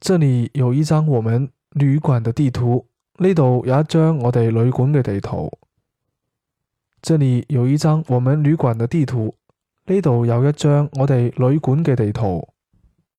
這裏有一張我們旅館的地圖，呢度有一張我哋旅館嘅地圖。這裏有一張我們旅館的地圖，呢度有一張我哋旅館嘅地圖。